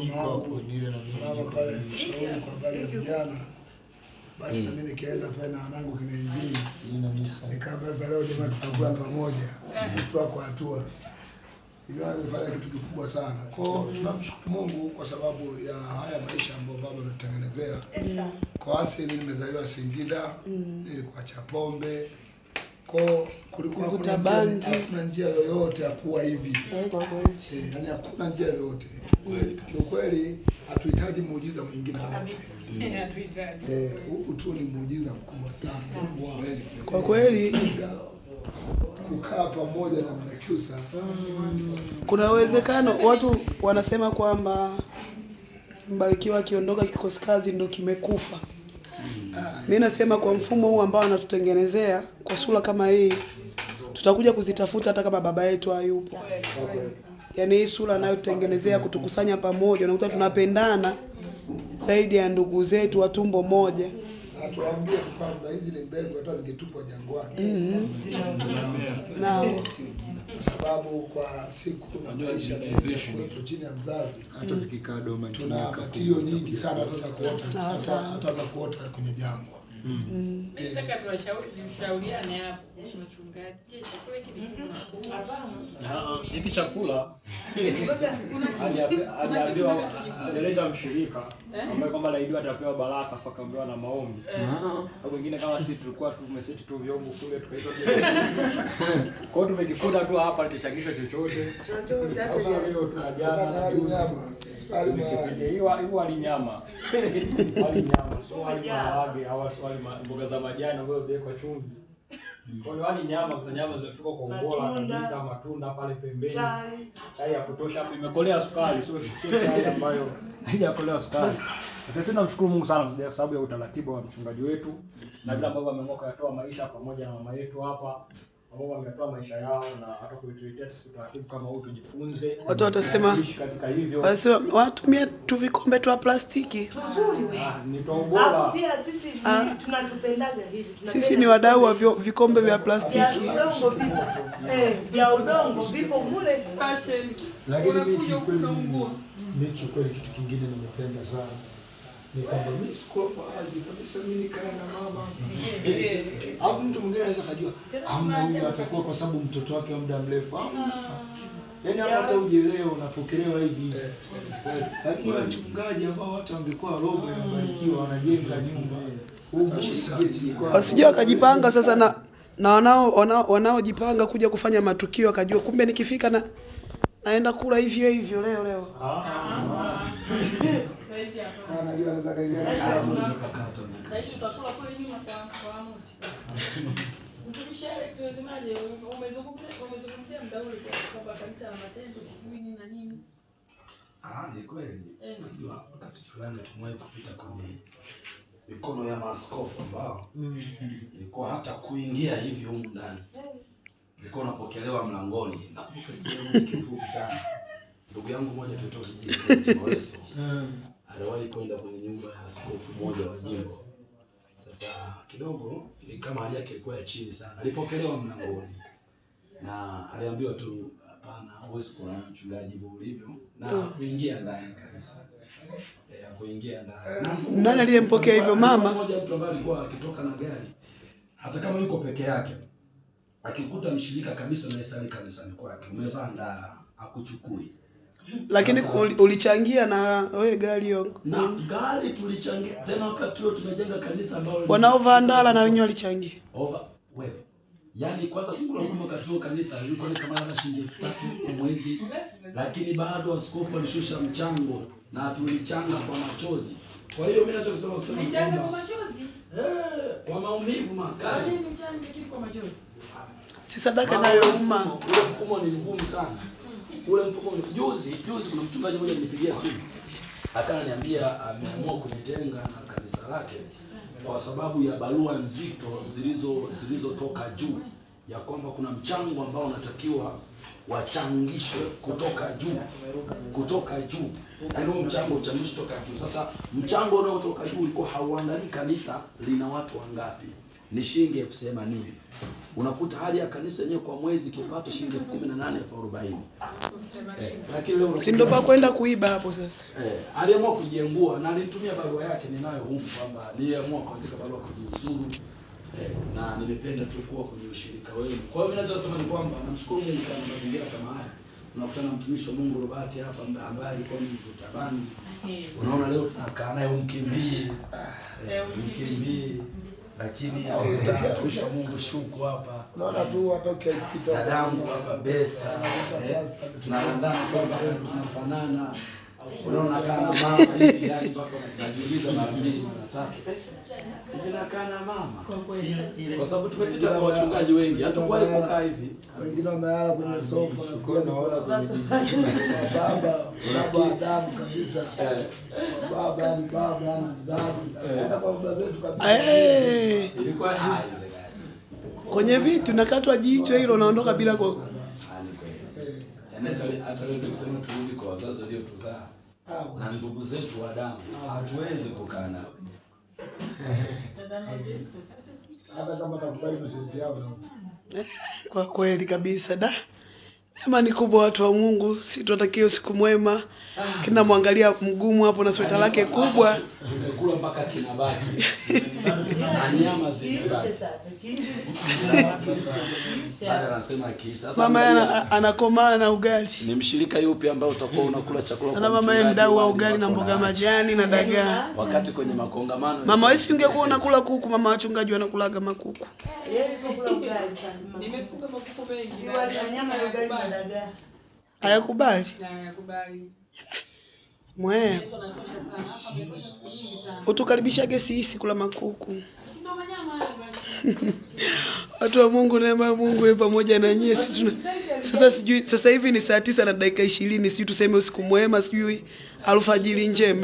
mshauri kwa habari ya vijana basi nami mm. nikaenda pale na wanangu kina injini, nikaambia leo jamaa, tutakuwa mm. pamoja eh. hatua kwa hatua. Ingawa nimefanya kitu kikubwa sana kwao, mm. tunamshukuru Mungu kwa sababu ya haya maisha ambayo baba ametutengenezea. Kwa asili nimezaliwa Singida, nilikuwa Chapombe kwa kulikuwa hakuna bangi, hakuna njia yoyote ya kuwa hivi eh, eh yani hakuna njia yoyote kiukweli. Hatuhitaji muujiza mwingine mm. eh, huu tu ni muujiza mkubwa sana mm. kwa kweli. Kukaa pamoja na Mwakyusa, mm, kuna uwezekano watu wanasema kwamba Mbarikiwa akiondoka kikosi kazi ndo kimekufa. Mimi nasema kwa mfumo huu ambao anatutengenezea kwa sura kama hii, tutakuja kuzitafuta hata kama baba yetu hayupo. Yaani hii sura anayotengenezea kutukusanya pamoja, unakuta tunapendana zaidi ya ndugu zetu wa tumbo moja. Tuambie kwamba hizi ni mbegu hata zikitupwa jangwani. Mm-hmm kwa sababu kwa siku maisha chini ya mzazi, hata zikikaa doma, tuna matirio nyingi sana, hata za kuota kwenye jangwa Nataka tuwashauri tushauriane hapo mchungaji. Ah, ah, hiki chakula aliambiwa alileta mshirika eh? ambaye kwamba alaidiwa atapewa baraka fakaambiwa na maombi. Kwa eh. ah. wengine kama sisi tulikuwa tumeseti tu vyombo kule tukaitwa. Kwa hiyo tumejikuta tu hapa tuchangisho chochote. Chochote hata leo tunajana nyama. Hiyo hiyo alinyama. Alinyama. Sio alinyama wage hawa wali mboga za majani ambazo zimewekwa chumvi. Mm. Kwa hiyo wali yaani nyama za nyama zimetoka kwa ubora kabisa, matunda pale pembeni. Chai ya kutosha hapo imekolea sukari, sio sio chai ambayo haijakolea sukari. Sasa tunamshukuru Mungu sana kwa sababu ya utaratibu wa mchungaji wetu na vile ambavyo ameng'oka yatoa maisha pamoja na mama yetu hapa ambao wametoa maisha yao na hata kuituletea sisi taratibu kama huu tujifunze. Watu watasema basi watumie tu vikombe tu plastiki. Ah, pia Sisi ah. tunatupendaga hivi, sisi ni wadau wa vikombe vya plastiki eh, vya udongo, vipo mule fashion. Lakini mimi mimi kiukweli, kitu kingine nimependa sana Nikwamba mimi sikuwa wazi kabisa, mimi na mama hapo. Mtu mwingine anaweza kujua amna, huyo atakuwa kwa sababu mtoto wake muda mrefu, hata unapokelewa hivi. Lakini wachungaji ambao wangekuwa wanajenga nyumba, wakajipanga sasa na na wanao wanaojipanga kuja kufanya matukio, akajua kumbe nikifika na naenda kula hivyo hivyo leo leo ah anajua ah, ah, ni kweli. Eh. Unajua wakati fulani tumewahi kupita kwenye mikono ya maaskofu ambao mm. ilikuwa hata kuingia hivi humu ndani nilikuwa eh. napokelewa mlangoni. Nakumbuka kifupi sana, ndugu yangu moja tulitoka aliwahi kwenda kwenye nyumba ya askofu mmoja wa jimbo. Sasa kidogo ni kama hali yake ilikuwa ya chini sana, alipokelewa mlangoni na aliambiwa tu, hapana, huwezi kuona mchungaji hivyo ulivyo, na hmm. kuingia ndani kabisa ya e, kuingia ndani. Nani aliyempokea hivyo? Mama mmoja, mtu ambaye alikuwa akitoka na gari, hata kama yuko peke yake, akikuta mshirika kabisa na isali kanisani kwake, umevaa ndaa, akuchukui lakini ulichangia na wewe gari yongo. Na gari tulichangia tena wakati huo tumejenga kanisa ambalo wanaova andala na wenyewe walichangia. Over wewe. Yaani kwanza fungu la kumi katuo kanisa lilikuwa ni kama na shilingi elfu tatu kwa mwezi, lakini bado askofu alishusha mchango na tulichanga kwa machozi. Kwa hiyo mimi nacho nachosema usema mchango. kwa machozi. Eh, kwa maumivu makali. Mchanga kitu kwa machozi. Si sadaka nayo umma. Ule mfumo ni mgumu sana ule mfuko juzi juzi, kuna mchungaji mmoja alinipigia simu akaniambia ameamua kujitenga na kanisa lake kwa sababu ya barua nzito zilizo zilizotoka juu ya kwamba kuna mchango ambao unatakiwa wachangishwe kutoka juu kutoka juu, yaani huo mchango uchangishwe kutoka juu. Sasa mchango unaotoka juu ulikuwa hauandali kanisa lina watu wangapi ni shilingi elfu themanini. Unakuta hali ya kanisa yenyewe kwa mwezi kipato shilingi elfu kumi na nane elfu arobaini. Eh, lakini si ndio pa kwenda kuiba hapo sasa. Eh, aliamua kujiengua na nilitumia barua yake ninayo huko kwamba niliamua kuandika barua kujiuzuru. Eh, na nimependa tu kuwa kwenye ushirika wenu. Kwa hiyo naweza kusema ni kwamba namshukuru Mungu sana mazingira kama haya. Unakutana na mtumishi wa Mungu Robert hapa ambaye alikuwa ni mtabani. Unaona leo tunakaa naye umkimbie. Eh, eh umkimbie lakini eh, tusha Mungu shuku hapa, naona tu hata ukikita dadangu hapa besa, kwa eh, kwamba tunafanana Unaona kana Kwa sababu tumepita kwa wachungaji wengi, hatukuwahi kukaa hivi. Wengine wamelala kwenye ah, sofa naona baba baba kabisa. Eh. Baba ni baba ni mzazi. Eh. Hata kwa baba zetu kabisa. Ilikuwa kwenye vitu nakatwa jicho hilo, naondoka bila kwa hata leo tukisema turudi kwa wazazi waliotuzaa na ndugu zetu wa damu, hatuwezi kukaa nao. Kwa kweli kabisa, da, jamani kubwa, watu wa Mungu, si tuwatakie usiku mwema kina mwangalia mgumu hapo na sweta lake kubwa, tumekula mpaka kinabaki na nyama zimebaki. Mama anakomaa na ugali. Ni mshirika yupi ambaye utakuwa unakula chakula kwa mama yeye, mdau wa ugali na mboga majani na dagaa? Wakati kwenye makongamano, mama wewe, si ungekuwa unakula kuku? Mama wachungaji wanakulaga makuku. Nimefunga makuku mengi na nyama ya ugali na dagaa. Hayakubali. Hayakubali. Mwe utukaribishage sisi kula makuku watu wa Mungu, neema ya Mungu ye pamoja na nyie. Sasa sijui sasa hivi ni saa tisa na dakika ishirini, sijui tuseme usiku mwema, sijui alfajiri njema.